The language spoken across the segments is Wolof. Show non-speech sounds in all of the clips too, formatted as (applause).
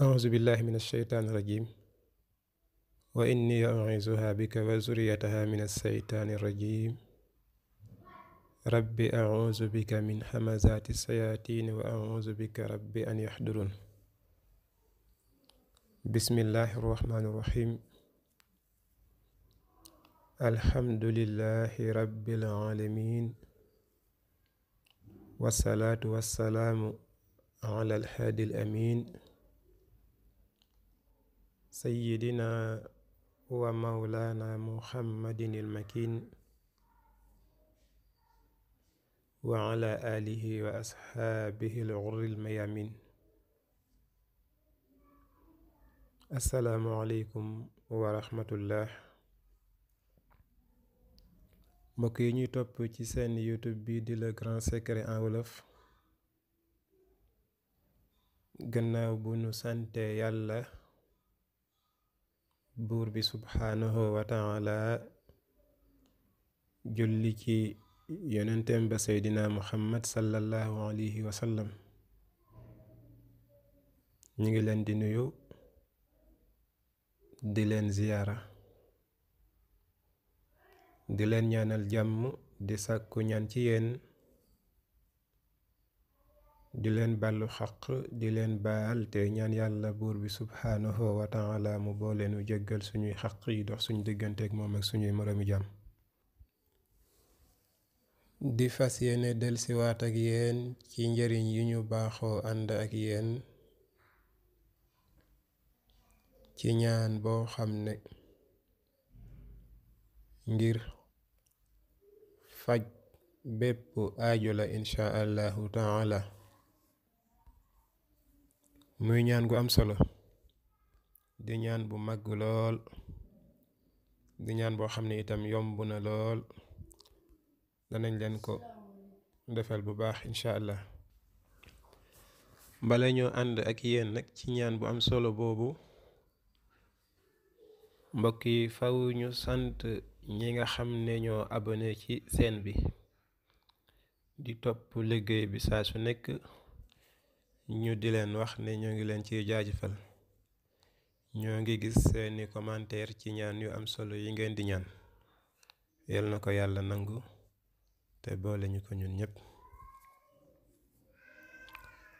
auzu billahi min alsheytaan irajim wa inni auizuha bika wa zuriyataha min alsheytaan irrajim rabbi auzu bika min hamazati sayatin wa auzu bika rabbi an yaxdurun bismillahi irrahmani irrahim alhamdulilahi rabbil alamin wasalaatu wasalaamu ala alhaadi alamin سيدنا ومولانا محمد المكين وعلى آله وأصحابه الغر الميامين السلام عليكم ورحمة الله mbokk yi ñuy topp ci seen youtube bi di le grand secret en wolof gannaaw bu ñu sante yàlla buur bi subhaanahu wa taala julli ci yonenteem ba seydina muhammad sallallahu alayhi wa sallam ñu ngi leen di nuyu di leen ziyaara di leen ñaanal jàmm di sàkku ñaan ci yéen di leen bàllu xaq di leen baal te ñaan yàlla buur bi subhaanahu wa taala mu booleenu jéggal suñuy xaq yi dox suñu digganteek moom ak suñuy moroomi jàmm di fas yéene delsiwaat ak yéen ci njëriñ yi ñu baaxoo ànd ak yéen ci ñaan boo xam ne ngir faj bépp aajo la incha allahu taala muy ñaan gu am solo di ñaan bu màgg lool di ñaan boo xam ne itam yomb na lool danañ leen ko defal bu baax incha allah bala ñoo ànd ak yéen nag ci ñaan bu am solo boobu mbokk yi faw ñu sant ñi nga xam ne ñoo abonné ci seen bi di topp liggéey bi saa su nekk ñu di leen wax ne ñoo ngi leen ci jaajëfal ñoo ngi gis seeni commentaire ci ñaan yu am solo yi ngeen di ñaan yal na ko yàlla nangu te boole ñu ko ñun ñëpp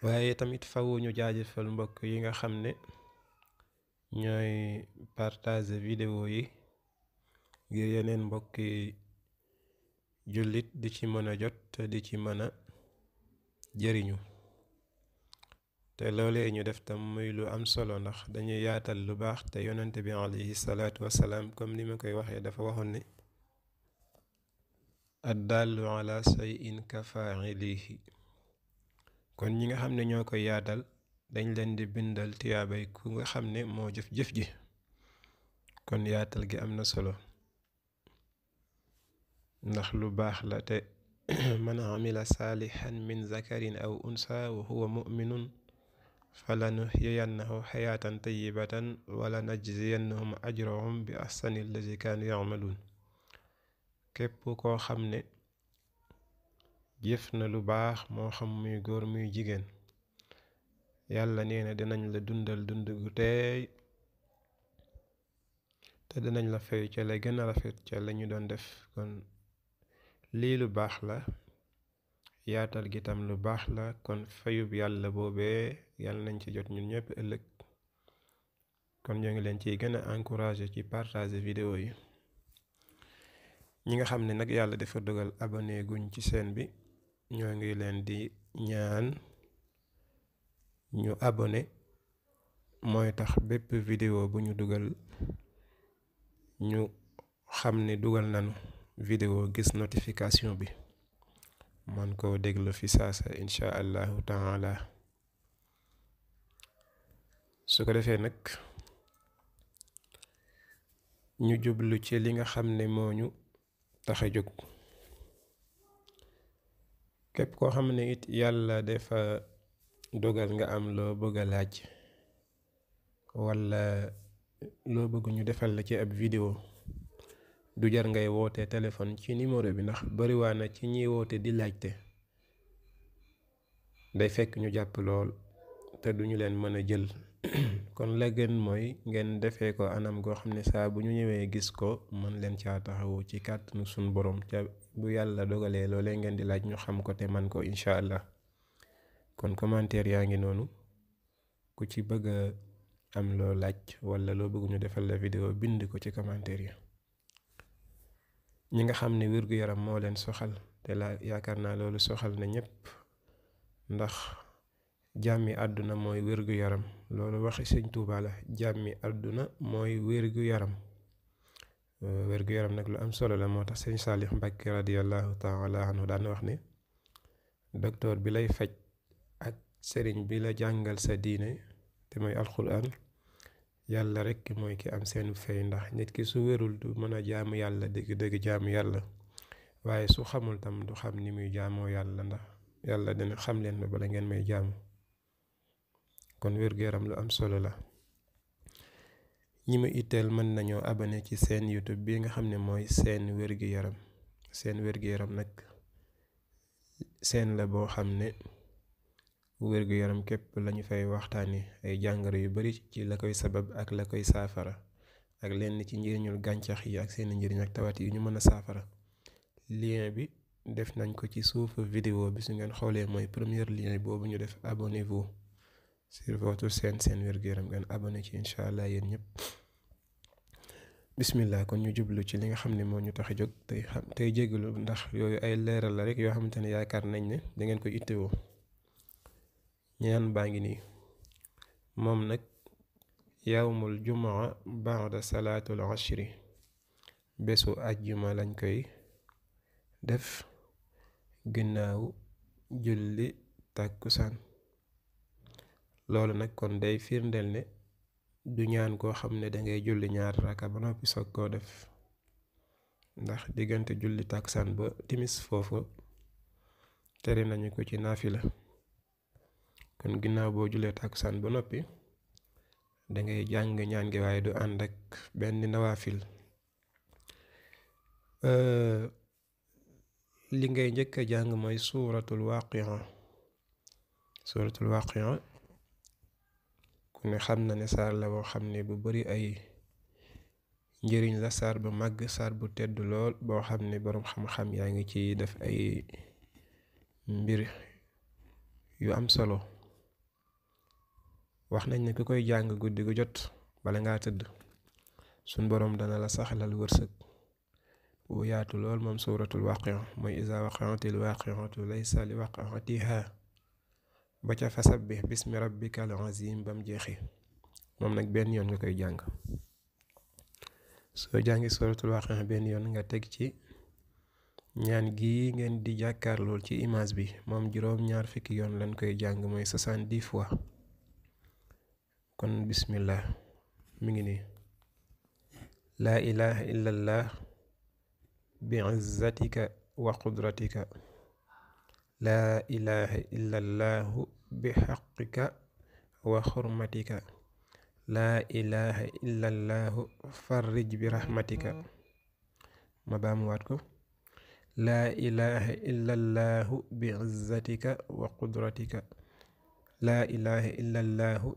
waaye tamit fawu ñu jaajëfal mbokk yi nga xam ne ñooy partage vidéo yi ngir yeneen mbokki jullit di ci mën a jot di ci mën a jëriñu te loolee ñu def tam muy lu am solo ndax dañuy yaatal lu baax te yonent bi alayhi salaatu wasalaam comme ni ma koy waxee dafa waxoon ne addallu ala shay'in kafailihi kon ñi nga xam ne ñoo koy yaatal dañ leen di bindal tiyaabay ku nga xam ne moo jëf jëf ji kon yaatal gi am na solo ndax lu baax la te (clears throat) man amila saalihan min zakarin aw unsa wa huwa mu'minun fala nuxyiyannahu xayaatan tayibatan wala najziyannahum ajrahum bi ahsani allazi kaanu yamaluun képp koo xam ne jëf na lu baax moo xam muy góor muy jigéen yàlla nee na dinañ la dundal dund gu teey te dinañ la fay ca la gën a rafet ca la doon def kon lii lu baax la yaatal gi tam lu baax la kon fayub yàlla boobee yàlla nañ ci jot ñun ñëpp ëllëg kon ñoo ngi leen ciy gën a encouragé ci partager vidéo yi ñi nga xam ne nag yàlla dafa dugal abonné guñ ci seen bi ñoo ngi leen di ñaan ñu abone mooy tax bépp vidéo bu ñu dugal ñu xam ne dugal nanu vidéo gis notification bi man koo déglu fi saasa incha allahu la su ko defee nag ñu jublu ci li nga xam ni moo ñu tax a jóg képp koo xam ne it yàlla dafa dogal nga am loo bëgg a laaj wala loo bëgg ñu defal la ci ab vidéo du jar ngay woote téléphone ci numéro bi ndax bariwaa na ci ñiy woote di laajte day fekk ñu jàpp lool te duñu leen mën a jël (clears throat) kon la gën mooy ngeen defee ko anam goo xam ne saa bu ñu ñëwee gis ko mën leen caa taxawu ci kàttanu sunu borom ca bu yàlla dogalee loolee ngeen di laaj ñu xam ko te man ko incha allah kon commentaire yaa ngi noonu ku ci bëgg a am loo laaj wala loo bëgg ñu defal la vidéo bind ko ci commentaire yi ñi nga xam ne wér yaram moo leen soxal te la yaakaar naa loolu soxal na ñëpp ndax jàmmi àdduna mooy wér yaram loolu waxi sëñ tuubaala jàmmi àdduna mooy wér yaram euh, wér yaram nag lu am solo la moo tax sëñ Saalix Mbàkke radiyallahu taala anhu daan wax ni docteur bi lay faj ak sëriñ bi la jàngal sa diine te mooy alxuraan yàlla rekk mooy ki am seen fay ndax nit ki su wérul du mën a jaamu yàlla dégg dégg jaamu yàlla waaye su xamul tam du xam ni muy jaamoo yàlla ndax yàlla dina xam leen ba bala ngeen may jaamu kon wér-gu-yaram lu am solo la ñi ma itteel mën nañoo abane ci seen YouTube bi nga xam ne mooy seen wér-gu-yaram seen wér-gu-yaram nag seen la boo xam ne wér yaram képp lañu fay waxtaane ay jàngaro yu bari ci la koy sabab ak la koy saafara ak lenn ci njëriñul gàncax yi ak seeni njëriñ ak tawat yi ñu mën a saafara lien bi def nañ ko ci suufu vidéo bi su ngeen xoolee mooy premier lien boobu ñu def abonnez-vous sur votre chaîne seen wér-gu-yaram ngeen abonné ci incha allah yéen ñëpp bismillah kon ñu jublu ci li nga xam ni moo ñu tax a jóg tey xam tey jégalu ndax yooyu ay leeral la rek yoo xamante ne yaakaar nañ ne dangeen koy ittewoo ñaan baa ngi nii moom nag yawmul jumaa baada salaatul ashri bésu àjjuma lañ koy def ginnaaw julli tàkkusaan loolu nag kon day firndeel ne du ñaan koo xam ne dangay julli ñaar raka ba noppi soog koo def ndax diggante julli tàkkusaan ba timis foofu tere nañu ko ci naafila kon ginnaaw boo julee takkusaan ba noppi dangay jàng ñaan gi waaye du ànd ak benn nawaafil li ngay njëkk a jàng mooy suuratul waaqia suuratul waaqia ku ne xam na ne saar la boo xam ne bu bari ay njëriñ la saar bu màgg saar bu tedd lool boo xam ne boroom xam-xam yaa ngi ci def ay mbir yu am solo wax nañ ne ku koy jàng guddi gu jot bala ngaa tëdd suñ boroom dana la saxalal wërsëg bu yaatu lool moom suuratul waqiya mooy iza waqa'atil waqi'atu laysa li waqa'atiha ba ca bi bis fasabbih bi rabbikal azim bam jeexee moom nag benn yoon nga koy jàng soo jàngi suuratul waqiya benn yoon nga teg ci ñaan gi ngeen di jàkkaarlool ci image bi moom juróom ñaar fukki yoon lañ koy jàng mooy soixante-dix fois kon bismillah mi ngi ni la ilaha illallah bi izzatika wa qudratika laa ilaha illallahu bi xaqika wa xurmatika laa ilaha illallahu farrij bi raxmatika ma baamuwaat ko laa ilaha illallahu bi izzatika wa qudratika laa ilaha illa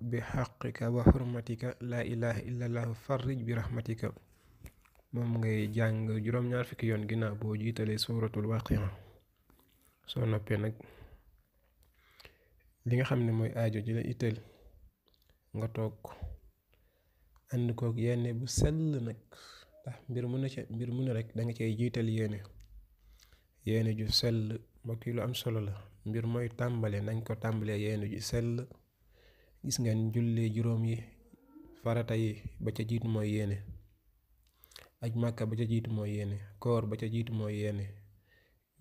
bi xaqika wa xurmatika laa ilaha illa allahu bi rahmatika moom ngay jàng juróom-ñaar fukki yoon ginnaaw boo jiitalee suuratul waaqia soo noppee nag li nga xam ne mooy aajo ji la itteel nga toog ànd kook yéene bu sell nag ndax mbir mu ne ca mbir mu ne rek cay jiital yéene yéene ju sell mbokk yi lu am solo la mbir mooy tàmbale nañ ko tàmbale yeenu ji sell gis nga julli juróom yi farata yi ba ca jiit mooy yéene aj màkka ba ca jiit mooy yéene koor ba ca jiit mooy yéene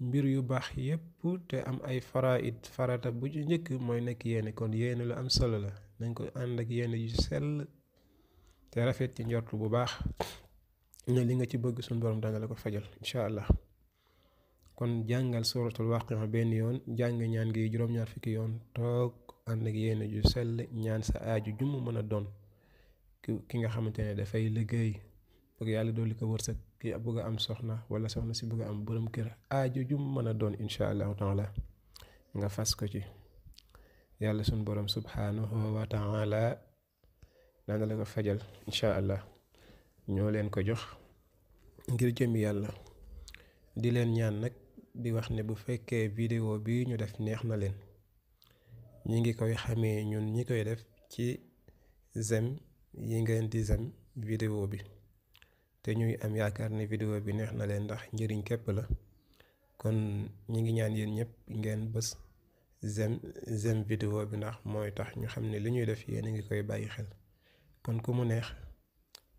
mbir yu baax yépp te am ay faraid farata bu ci njëkk mooy nekk yéene kon yéene lu am solo la nañ ko ànd ak yéene ju sell te rafet ci njortu bu baax ne li nga ci bëgg suñu borom danga la ko fajal incha allah kon jàngal suratul waqi'a benn yoon jàng ñaan gi juróom-ñaar fukki yoon toog ànd ak yéene ju sell ñaan sa aaju jumu mën a doon ki nga xamante ne dafay liggéey bëgg yàlla li ko wërsëg ki bëgg am soxna wala soxna si bëgg am boroom kër aaju jumu mën a doon incha allahu taala nga fas ko ci yàlla sun borom subhanahu wa taala dana la ko fajal incha allah ñoo leen ko jox ngir jëm yàlla di leen ñaan nag di wax ne bu fekkee vidéo bii ñu def neex na leen ñi ngi koy xamee ñun ñi koy def ci zem yi ngeen di zem video bi te ñuy am yaakaar ne vidéo bi neex na leen ndax njëriñ képp la kon ñi ngi ñaan yéen ñëpp ngeen bës zem zem vidéo bi ndax mooy tax ñu xam ne li ñuy def yéen ngi koy bàyyi xel kon ku mu neex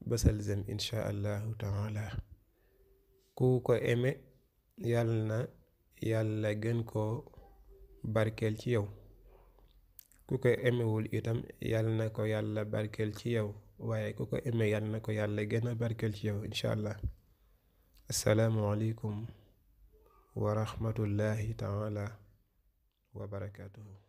bësal zem incha allahu taala ku ko aimé yàll na yàlla gën ko barkeel ci yow ku ko emewul itam yàll na ko yàlla barkeel ci yow waaye ku ko eme yàll na ko yàlla gën a barkeel ci yow incha allah asalaamualeykum wa rahmatullahi taala wa